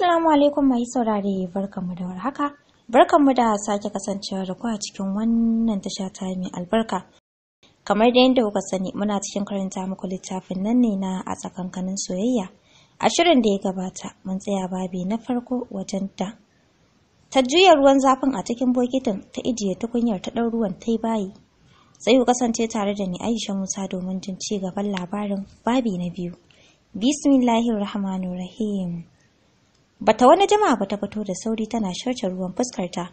Assalamu alaikum mai saurare barkanmu da warhaka. Barkanmu da sake kasancewa da ku a cikin wannan tasha ta mai albarka. Kamar da yadda kuka sani muna cikin karanta muku littafin nan ne na a tsakankanin soyayya. A shirin da ya gabata mun tsaya babi na farko wajen da. Ta juya ruwan zafin a cikin bokitin ta ijiye tukunyar ta ɗau ruwan ta yi bayi. Sai ku kasance tare da ni Aisha Musa domin jin ci gaban labarin babi na biyu. Bismillahirrahmanirrahim. Bata wani jima ba ta fito da sauri tana sharce ruwan fuskarta.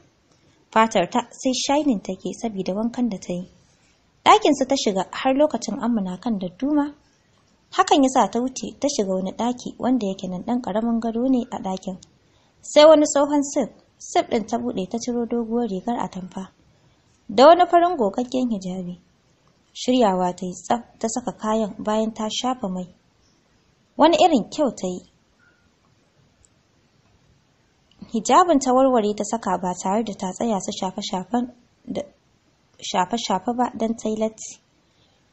Fatar ta sai shining take saboda wankan da ta yi. Ɗakinsu ta shiga har lokacin amuna kan da duma. Hakan yasa ta wuce ta shiga wani ɗaki wanda yake nan ɗan ƙaramin gado ne a ɗakin. Sai wani tsohon sif, sif ɗin ta buɗe ta ciro doguwar rigar atamfa. Da wani farin gogaggen hijabi. Shiryawa ta yi tsaf ta saka kayan bayan ta shafa mai. Wani irin kyau ta yi, hijabin ta warware ta saka ba tare da ta tsaya su shafe-shafe ba don ta yi latti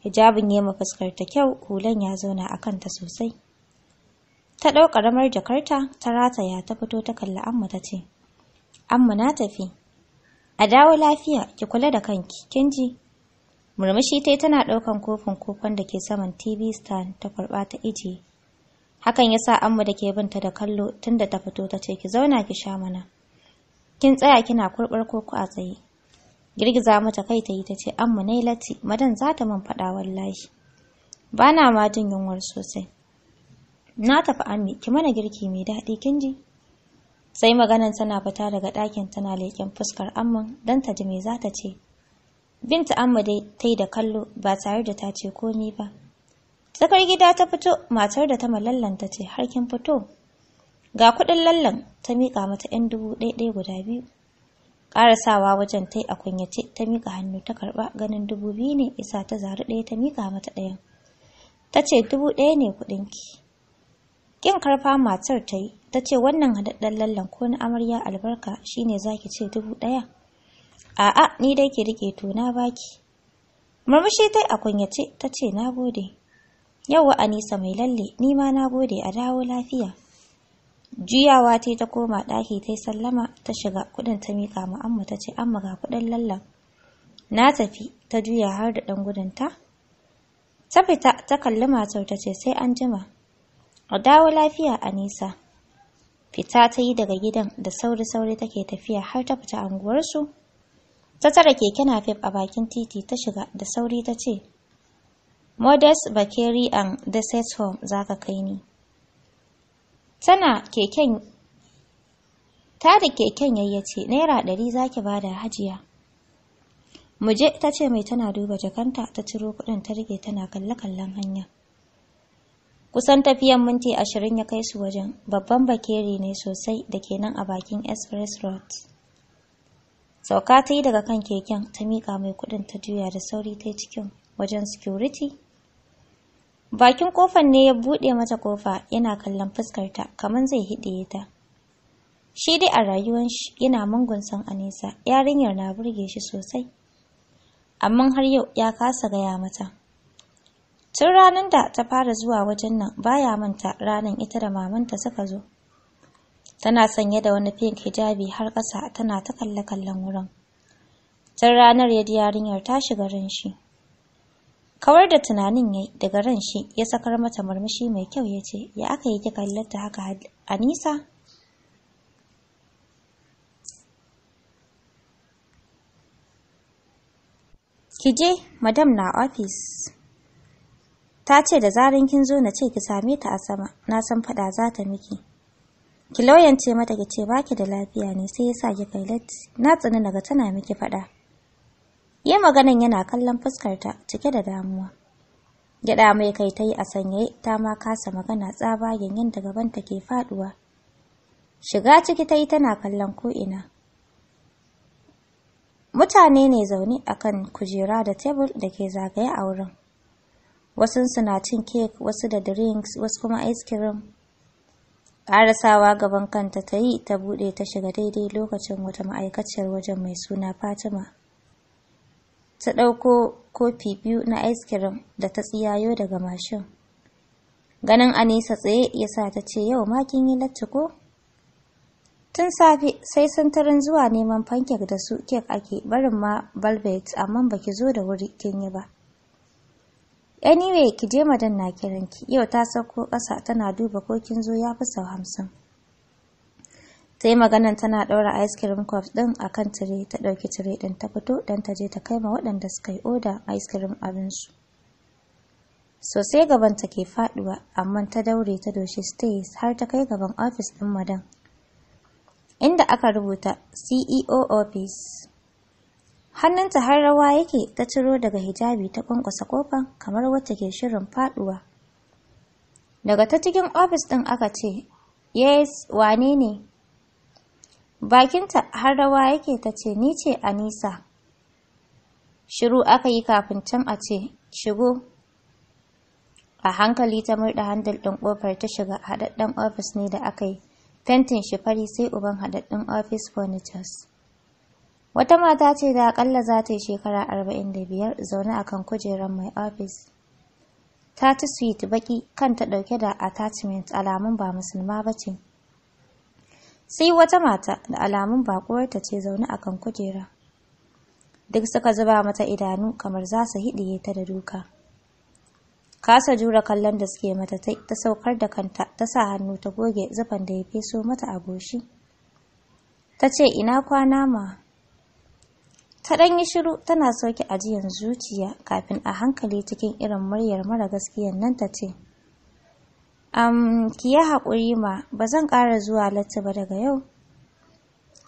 hijabin ya fuskar ta kyau hulan ya zauna a kanta sosai ta ɗau ƙaramar jakarta ta rataya ta fito ta kalla, amma ta ce amma na tafi a dawo lafiya ki kula da kanki kin ji murmushi tai tana ɗaukan kofin kofin da ke saman tv stand ta karɓa ta ijiye hakan yasa amma da ke binta da kallo tunda ta fito ta ce ki zauna ki sha mana kin tsaya kina kurbar koko a tsaye girgiza mata kai ta yi ta ce amma nayi latti madan za ta man faɗa wallahi Bana na ma jin yunwar sosai na tafi ammi ki mana girki mai daɗi kin ji sai maganan tana fita daga ɗakin tana leƙen fuskar amman don ta ji me za ta ce binta amma dai ta yi da kallo ba tare da ta ce komi ba Tsakar gida ta fito matar da ta malallan ta ce har kin fito. Ga kuɗin lallan ta miƙa mata ‘yan dubu ɗaya guda biyu. Ƙarasawa wajen tai a kunyace ta miƙa hannu ta karɓa ganin dubu biyu ne isa ta zaru ɗaya ta miƙa mata ɗayan. Ta ce dubu ɗaya ne kuɗinki. Ƙin karfa matar ta yi ta ce wannan haɗaɗɗen lallan ko na amarya albarka shine ki ce dubu ɗaya. A'a ni dai ki riƙe, to na baki. Murmushi tai a kunyace ta ce na gode. Yau, Yawwa Anisa mai lalle, ni ma na gode a dawo lafiya. Juyawa ta ta koma ɗaki ta sallama ta shiga kuɗin ta miƙa ma amma ta ce amma ga kuɗin lallan. Na tafi ta juya har da ɗan gudun Ta Ta fita ta kalli matar ta ce sai an jima. A dawo lafiya Anisa. Fita ta yi daga gidan da sauri-sauri take tafiya har ta fita anguwarsu. Ta tara keke fef a bakin titi ta shiga da sauri ta ce, modest bakery and set home za ka kai ni tana keken ta da keken yayyace naira ɗari za ki bada hajiya muje ta ce mai tana duba jakanta ta ciro kuɗin ta rike tana kalle-kallen hanya kusan tafiyan minti ashirin ya kai su wajen babban bakeri ne sosai da ke nan a bakin express road sauka ta yi daga kan keken ta miƙa mai kuɗin ta juya da sauri ta cikin wajen security bakin kofar ne ya buɗe mata kofa yana kallon fuskarta kamar zai hiɗe ta shi dai a rayuwar shi yana mungun san anisa yarinyar na burge shi sosai amma har yau ya kasa gaya mata tun ranar da ta fara zuwa wajen nan baya manta ranar ita da mamanta suka zo tana sanye da wani pink hijabi har ƙasa tana ta kalle kallon wurin tun ranar ya ji yarinyar ta shiga ran shi kawar da tunanin ya daga ran shi ya sakar mata murmushi mai kyau ya ce ya aka yi kika halatta haka anisa ki madam na ofis ta ce da zaran kin zo na ce ki same ta a sama na san fada za ta miki ki lauyance mata ki ce baki da lafiya ne sai yasa ki kai latti na tsani daga tana miki fada Ya maganan yana kallon fuskarta cike da damuwa. Gyaɗa mai kai ta yi a sanyaye ta ma kasa magana tsabagen yadda gabanta ke faɗuwa. Shiga ciki ta yi tana kallon ko'ina. Mutane ne zaune akan kujera da tebur da ke zagaye a wurin. Wasunsu na cin kek, wasu da drinks, wasu kuma ice cream. Ƙarasawa gaban kanta ta yi ta buɗe ta shiga daidai lokacin wata ma'aikaciyar wajen mai suna Fatima ta ɗauko kofi biyu na ice cream da ta tsiyayo daga mashin. Ganin Anisa tsaye ya sa ta ce yau ma kin yi latti ko? Tun safe sai tarin zuwa neman fankek da su kek ake barin ma balbet amma baki zo da wuri kin yi ba. Anyway, ki je madan na kiranki. Yau ta sauko ƙasa tana duba ko kin zo ya fi sau hamsin. sai maganan tana ɗaura ice cream cup ɗin a kan tire ta ɗauki tire ɗin ta fito don ta je ta kai ma waɗanda suka yi oda ice cream abinsu sosai gabanta ke faɗuwa amma ta daure ta doshi stays har ta kai gaban ofis ɗin madan inda aka rubuta ceo office hannunta har rawa yake ta ciro daga hijabi ta kwankwasa kofan kamar wacce ke shirin faɗuwa daga ta cikin ofis ɗin aka ce yes wane ne bakinta har rawa yake ta ce ni ce anisa shiru aka yi kafin can a ce shigo a hankali ta murda handal ɗin ƙofar ta shiga haɗaɗɗen ofis ne da aka yi fentin shi fari sai uban haɗaɗɗen ofis furnitures wata mata ce da akalla za ta yi shekara arba'in da biyar zaune a kan kujerar mai ofis ta ci suite baki kanta ɗauke da attachment alamun ba musulma ba ce sai wata mata da alamun bakuwarta ce zaune a kan kujera duk suka zuba mata idanu kamar za su hiɗiye ta da duka kasa jura kallon da suke mata ta saukar da kanta ta sa hannu ta goge zufan da ya feso mata a goshi ta ce ina kwana ma ta ɗan yi shiru tana sauke ajiyan zuciya kafin a hankali cikin irin muryar mara gaskiyan nan ta ce Um, ki yi haƙuri ma, ba zan ƙara zuwa latti ba daga yau.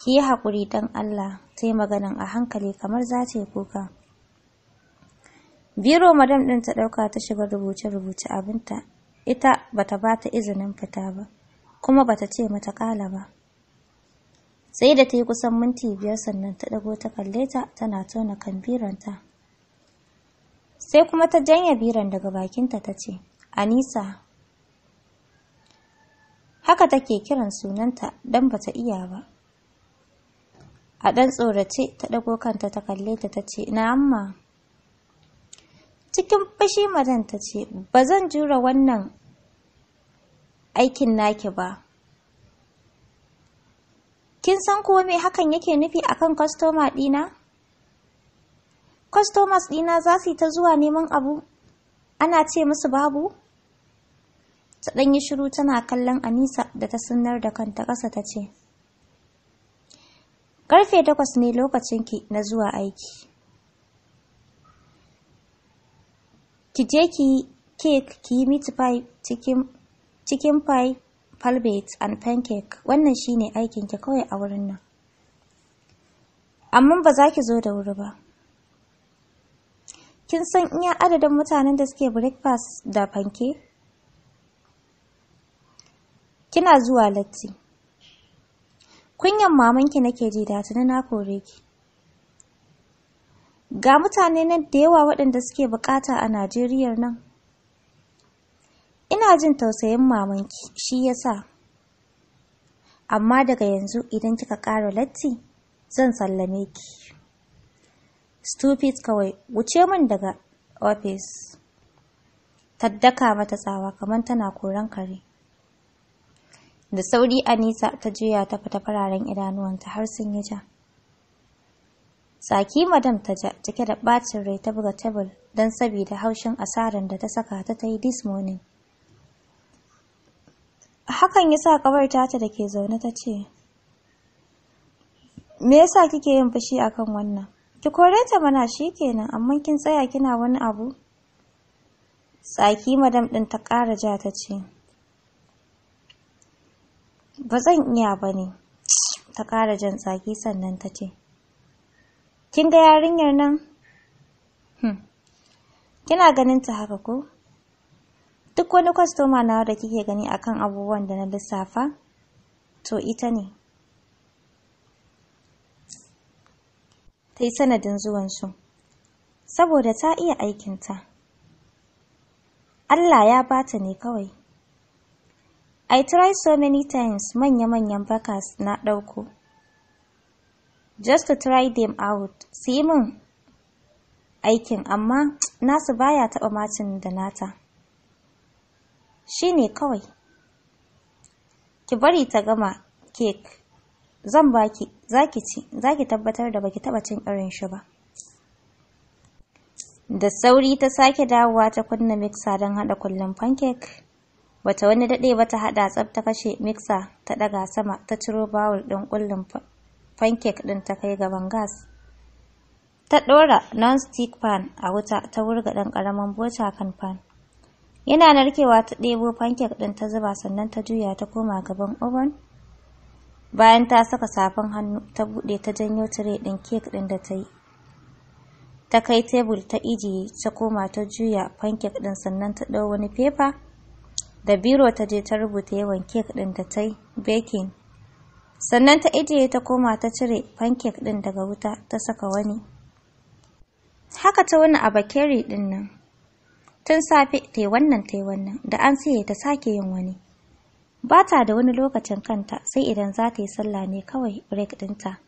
Ki yi haƙuri dan Allah, ta yi maganin a hankali kamar za ta yi kuka. Biro madam ɗin ta ɗauka ta shiga rubuce-rubuce abinta, ita bata ba ta izinin fita ba, kuma bata ce mata ƙala ba. Sai da ta yi kusan minti biyar sannan ta ɗago ta kalle ta tana tona kan bironta. Sai kuma ta janye biron daga bakinta ta ce, Anisa, haka take kiran sunanta don bata iya ba a ɗan tsorace ta ɗago kanta ta kalle ta ta ce amma. cikin fashi madan ta ce ba zan jura wannan aikin naki ba kin san ko mai hakan yake nufi akan kwastoma ɗina kwastomas ɗina za su yi ta zuwa neman abu ana ce musu babu ta ɗan yi shiru tana kallon Anisa da ta sunar da kanta ƙasa ta ce, Ƙarfe takwas ne lokacinki na zuwa aiki. Ki je ki kek ki yi meat pie cikin pie palbate and pancake wannan shine aikinki kawai a wurin nan. Amma ba za ki zo da wuri ba. Kin san iya adadin mutanen da suke breakfast da pancake? Kina zuwa latti. Kunyan mamanki nake ji da na kore ki. Ga mutane nan da yawa waɗanda suke bukata a Najeriya nan. Ina jin tausayin mamanki, shi yasa. Amma daga yanzu idan kika ƙara latti, zan sallame ki. Stupid kawai, wuce min daga ofis. Taddaka mata tsawa kamar tana koran kare. Da sauri a nisa ta juya ta fita fararen idanuwanta har sun yi ja. Saki madam ta ja cike da bacin rai ta buga tebul don sabida haushin asarar da ta saka ta ta yi this morning. Hakan ya sa kawar tata da ke zaune ta ce, Me yasa kike yin fushi akan wannan? Ki kore ta mana shi kenan, amma kin tsaya kina wani abu? Saki madam ɗin ta ƙara ja ta ce, ba zan iya ba ne ta ƙara jan tsaki sannan ta ce kin ga yarinyar nan hmm, kina ganin ta haka ko duk wani kwastoma nawa da kike gani akan abubuwan da na lissafa to ita ne ta yi sanadin zuwansu saboda ta iya aikinta Allah ya bata ne kawai I try so many times manya-manyan bakas na ɗauko. Just to try them out, su yi aikin amma nasu baya taɓa macin da nata. Shi ne kawai. Ki bari ta gama kek, zan baki, za ki ci, za ki tabbatar da baki taɓa cin irin shi ba. Da sauri ta sake dawowa ta kunna miksa don haɗa kullum pancake. Bata wani daɗe ba ta haɗa tsab ta kashe mixer ta ɗaga sama ta ciro bawul ɗin kullun pancake ɗin ta kai gaban gas. Ta ɗora non-stick pan a wuta ta wurga ɗan karaman bota kan pan. Yana narkewa ta ɗebo pancake ɗin ta zuba sannan ta juya ta koma gaban oven. Bayan ta saka safan hannu ta buɗe ta janyo tire din kek ɗin da ta yi. Ta kai tebul ta ijiye ta koma ta juya pancake ɗin sannan ta ɗau wani fefa da biro ta je ta rubuta yawan kek ɗin da ta yi baking sannan ta ijiye ta koma ta cire pancake ɗin daga wuta ta saka wani haka ta wani a bakeri ɗin nan tun safe ta yi wannan ta yi wannan da an siye ta sake yin wani ba ta da wani lokacin kanta sai idan za ta yi sallah ne kawai break ɗinta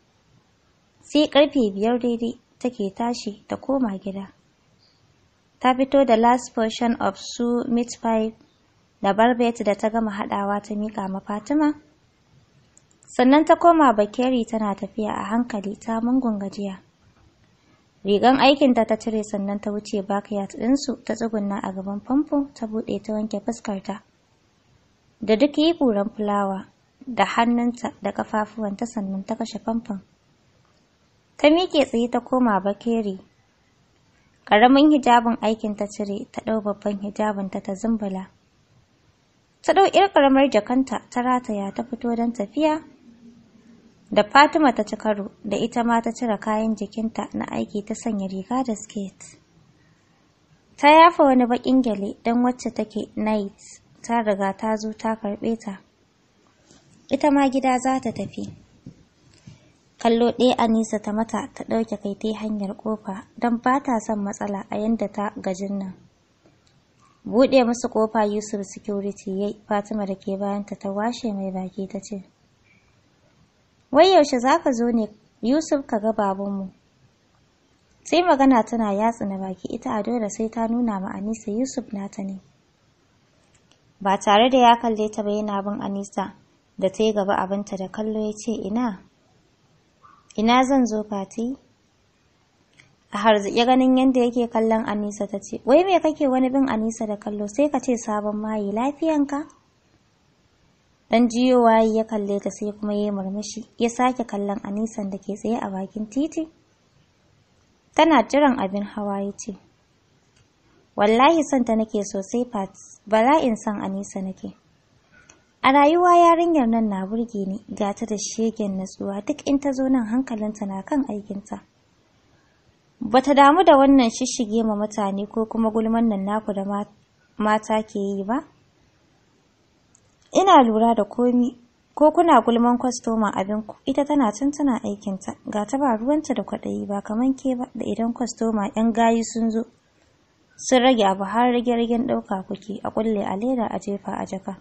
sai karfe biyar daidai take tashi ta koma gida ta fito da last portion of su meat pie da barbet da ta gama haɗawa ta miƙa ma Fatima. Sannan ta koma bakeri tana tafiya a hankali ta mungun gajiya. Rigan aikinta ta cire sannan ta wuce backyard ɗinsu ta tsugunna a gaban famfo ta buɗe ta wanke fuskarta. Da duk yi ƙuran fulawa da hannunta da ƙafafuwanta sannan ta kashe famfon. Ta miƙe tsaye ta koma bakeri ƙaramin hijabin aikin ta cire ta ɗau babban hijabin ta ta zumbula ta ɗau ƴar ƙaramar jakanta ta rataya ta fito don tafiya da fatima ta ci karo da ita ma ta cire kayan jikinta na aiki ta sanya riga da skate ta yafa wani baƙin gyale don wacce take night ta riga ta zo ta karɓe ta ita ma gida za ta tafi kallo ɗaya a nisa ta mata ta ɗauke kai ta hanyar ƙofa don ba ta son matsala a yadda ta gajin nan buɗe musu kofa yusuf security Yai, fatima da ke bayanta ta washe mai baki ta ce wai yaushe za ka zo ne yusuf ka ga babanmu sai magana tana yatsa na baki ita a dole sai ta nuna ma anisa yusuf nata ne ba tare da ya kalle ta ba yana bin anisa da ta yi gaba abinta da kallo ya ce ina ina zan zo fati a harzike ganin yadda yake kallon Anisa ta ce, Wai me kake wani bin Anisa da kallo sai ka ce sabon mayi lafiyanka? Dan jiyo waye ya kalle ta sai kuma ya murmushi, ya sake kallon Anisan da ke tsaye a bakin titi. Tana jiran abin hawa ya ce, Wallahi son ta nake sosai Pat, bala'in son Anisa nake. A rayuwa yarinyar nan na burge ni, gata da shegen natsuwa duk in ta zo nan hankalinta na kan aikinta. bata damu da wannan shishige ma mutane ko kuma gulman nan naku da mata ke yi ba ina lura da komi ko kuna gulman customer abin ku ita tana tuntuna ta ga ta ba ruwanta da kwaɗayi ba kaman ke ba da idan kwastoma yan gayi sun zo sun rage abu har rage-ragen ɗauka kuke a kulle a leda a jefa a jaka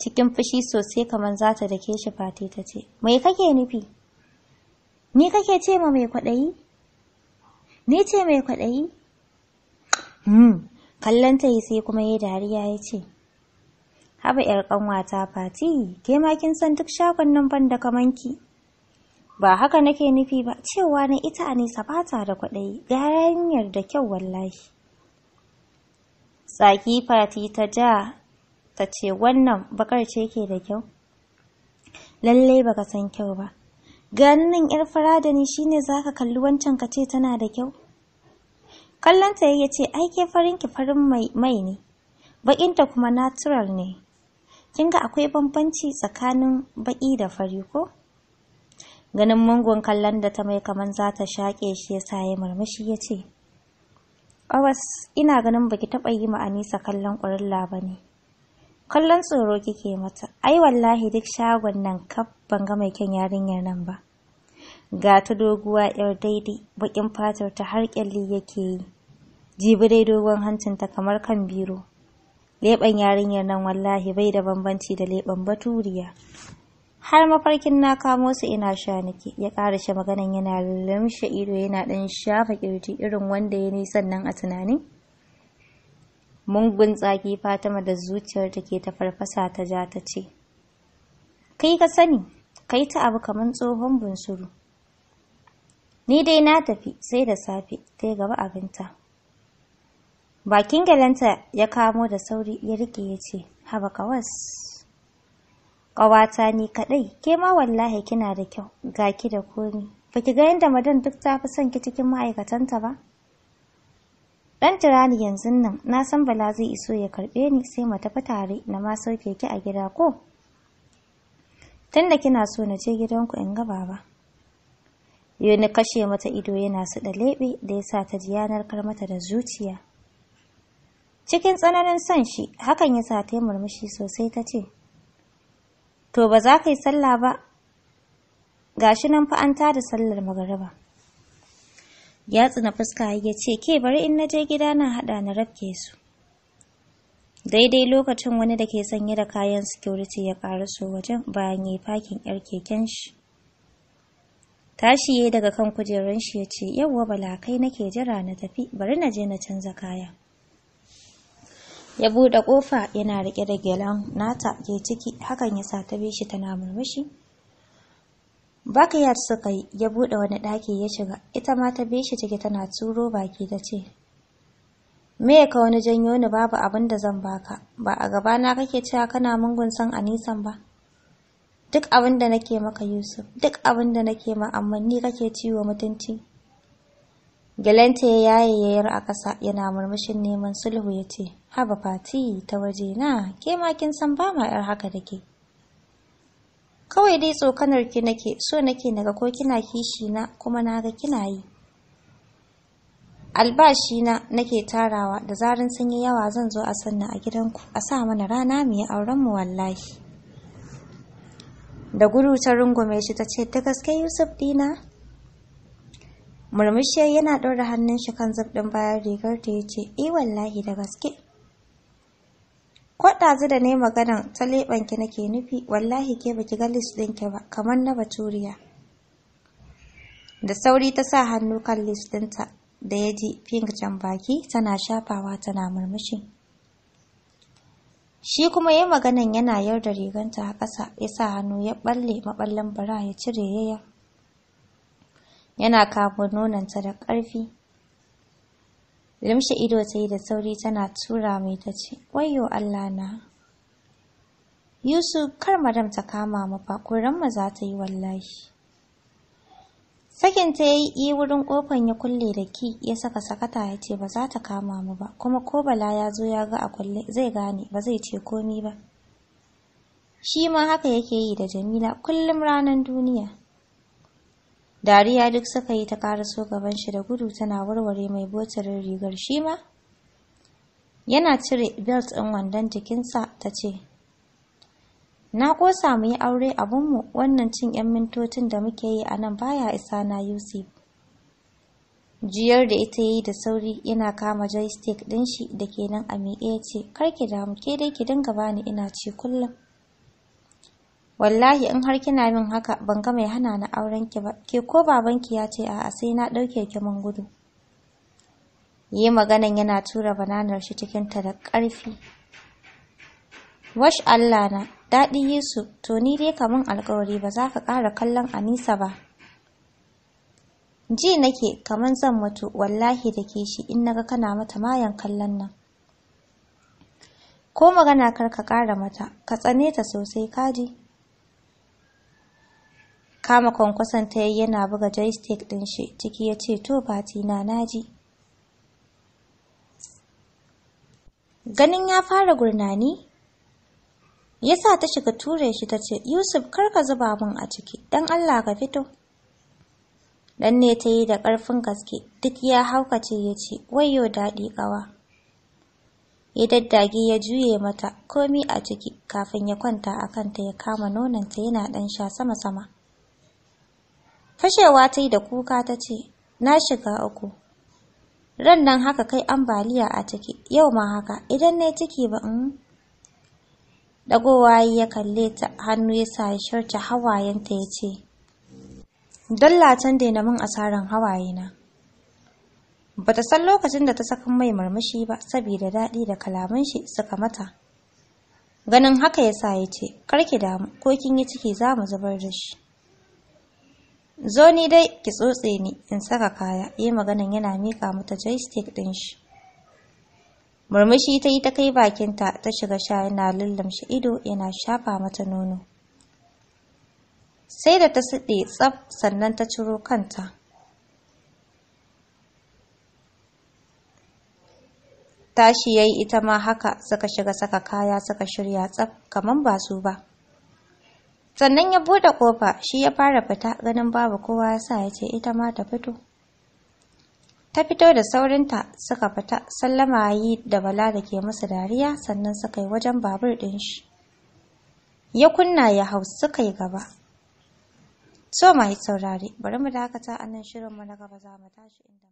cikin fushi sosai kaman zata ta dake shi fate ta ce mai kake nufi ni kake ce ma mai kwaɗayi Ni ce mai kwaɗayi? Hmm, kallon ta yi sai kuma ya dariya ya ce, Haba ‘yar ƙanwata fati, ke ma san duk shagon nan ban da kamanki. Ba haka nake nufi ba, cewa na ita a nisa ba da kwaɗayi, gara hanyar da kyau wallahi. Tsaki fati ta ja ta ce wannan bakar ce ke da kyau. Lallai baka san kyau ba. ganin yar fara da ni shi za ka kalli wancan ka ce tana da kyau Kallonta ya ce, ai ke farin ki farin mai ne, baƙinta kuma natural ne. Kin ga akwai bambanci tsakanin baƙi da fari ko? Ganin mungun kallon da ta mai kaman za ta shaƙe shi ya sa ya murmushi ya ce, Awas, ina ganin baki taɓa yi ma Anisa kallon ƙurilla ba ne. Kallon tsoro kike mata, ai wallahi duk shagon nan kaf ban ga mai kyan yarinyar nan ba. ga ta doguwa yar daidai bakin fatar ta har kyalli yake yi jibi dai dogon hancin ta kamar kan biro leban yarinyar nan wallahi bai da bambanci da leban baturiya har mafarkin na kamo su ina sha nake ya karashe maganan yana lamshe ido yana ɗan shafa kirji irin wanda ya nisan nan a tunanin mungun tsaki fatima da zuciyar ta ke ta farfasa ta ja ta ce kai ka sani kai ta abu kamar tsohon bunsuru Ni dai na tafi sai da safe ta yi gaba abinta. Bakin galanta ya kamo da sauri ya rike ya ce, Haba kawas. Ƙawata ni kaɗai, ke ma wallahi kina da kyau, ga ki da komi. Ba ki ga yadda madan duk ta fi son ki cikin ma'aikatanta ba? Ɗan tirani yanzu nan, na san Bala zai iso ya karɓe ni sai mu tafi tare na ma sauke ki a gida ko? Tunda kina so na je gidanku in gaba ba. Yoni kashe mata ido yana su da leɓe da yasa ta ji yanar karmata da zuciya. Cikin tsananin son shi, hakan ya sa ta yi murmushi sosai ta ce, To ba za ka yi sallah ba, gashi nan fa an tada sallar magariba. Ya tsina fuska ya ce, Ke bari in na je gida na haɗa na rafke su. Daidai lokacin wani da ke sanye da kayan security ya ƙaraso wajen bayan ya yi fakin 'yar keken shi. tashi ya daga kan kujerun shi ya ce yawwa bala kai nake jira na tafi bari na je na canza kaya ya buɗe ƙofa yana riƙe da gelan nata ke ciki hakan ya sa ta bi shi tana murmushi Bakayat suka yi ya buɗe wani ɗaki ya shiga, ita ma ta shi ciki tana turo baki ta ce, Me ka wani janyo ni babu abin da zan baka, ba a gabana kake cewa kana mungun san anisan ba, duk abin da nake maka Yusuf duk abin da nake ma amma ni kake ciwo mutunci Galanta ya yaye yayar a ƙasa yana murmushin neman sulhu ya ce haba fati ta waje na ke ma kin san ba ma yar haka dake kawai dai tsokanar ki nake so nake naga ko kina kishi na kuma naga kina yi albashi na nake tarawa da zarin sun yi yawa zan zo a sanna a gidanku a sa mana rana mu yi auren mu wallahi da gudu ta rungume shi ta ce ta gaske yusuf dina Murmushe yana ɗora hannun shi kan zabɗin bayan rigar ta ya ce E wallahi da gaske ko ɗazu da ne maganan ta leɓanki nake nufi wallahi ke baki ga list ɗinki ba kamar na baturiya da sauri ta sa hannu kan lis ɗinta da ya ji pink can baki tana shafawa tana murmushi shi kuma ya maganan yana da riganta a ƙasa ya sa hannu ya ɓalle maɓallan bara ya cire yaya yana kamo nonanta da ƙarfi limshe ido ta yi da sauri tana tura mai ta ce wayo allah na yusuf kar madam ta kama mu za ta yi wallahi Sakin ta yi yi wurin kofan ya kulle da ki ya saka sakata ya ce ba za ta kama mu ba kuma ko bala ya zo ya ga a kulle zai gane ba zai ce komi ba. Shi ma haka yake yi da Jamila kullum ranar duniya. Dariya duk suka yi ta so gaban shi da gudu tana warware mai botarin rigar shi ma. Yana cire belt ɗin wandon jikinsa ta ce, Na ƙosa mu yi aure mu wannan cin 'yan mintocin da muke yi a nan baya isa na Yusuf. Jiyar da ita yi da sauri yana kama joystick ɗin shi da ke nan a miƙe ya ce, Karki damu ke dai ki dinga bani ina ci kullum. Wallahi in har kina min haka ban ga mai hana na auren ki ba, ke ko babanki ya ce a'a sai na ɗauke ki man gudu. Yi maganan yana tura bananar shi cikinta da ƙarfi. wash Allah na daɗi Yesu to ni dai kaman alkawari ba za ka ƙara kallon Anisa ba ji nake kamar zan mutu wallahi da ke shi in naga kana mata mayan kallon nan ko magana kar ka ƙara mata ka tsane ta sosai kaji kama kwankwason ta yi yana buga joystick ɗin shi ciki ya ce to fati na naji ganin ya fara gurnani yasa ta shiga ture shi ta ce yusuf kar ka zuba min a ciki don allah ka fito dan ne ta yi da ƙarfin gaske duk ya haukace ya ce wayo daɗi ƙawa ya daddage ya juye mata komi a ciki kafin ya kwanta a kanta ya kama nonanta yana ɗan sha sama-sama fashewa ta yi da kuka ta ce na shiga uku Rannan haka kai ambaliya a ciki yau ma haka idan na ciki ba in mm, dagowa ya kalle ta hannu ya sa shirta hawayenta ya ce dalla can daina min asaran hawayena Ba ta san lokacin da ta saka mai murmushi ba saboda daɗi da kalaman shi suka mata ganin haka ya sa ya ce karki damu ko kin yi ciki za mu zubar da shi zo ni dai ki tsotse ni in saka kaya yi maganan yana mika mata joystick ɗin shi murmushi ta yi ta kai bakinta ta shiga sha yana lullumshi ido yana shafa mata nono sai da ta siɗe tsaf sannan ta ciro kanta tashi ya yi ita ma haka suka shiga saka kaya suka shirya tsaf kamar ba su ba sannan ya buɗe ƙofa shi ya fara fita ganin babu kowa ya sa ya ce ita ma ta fito ta fito da saurinta suka fita sallama yi da bala da ke musu dariya sannan suka yi wajen babur ɗin shi ya kunna ya hau suka yi gaba so mai saurari, bari mu dakata a nan shirinmu na gaba za mu tashi inda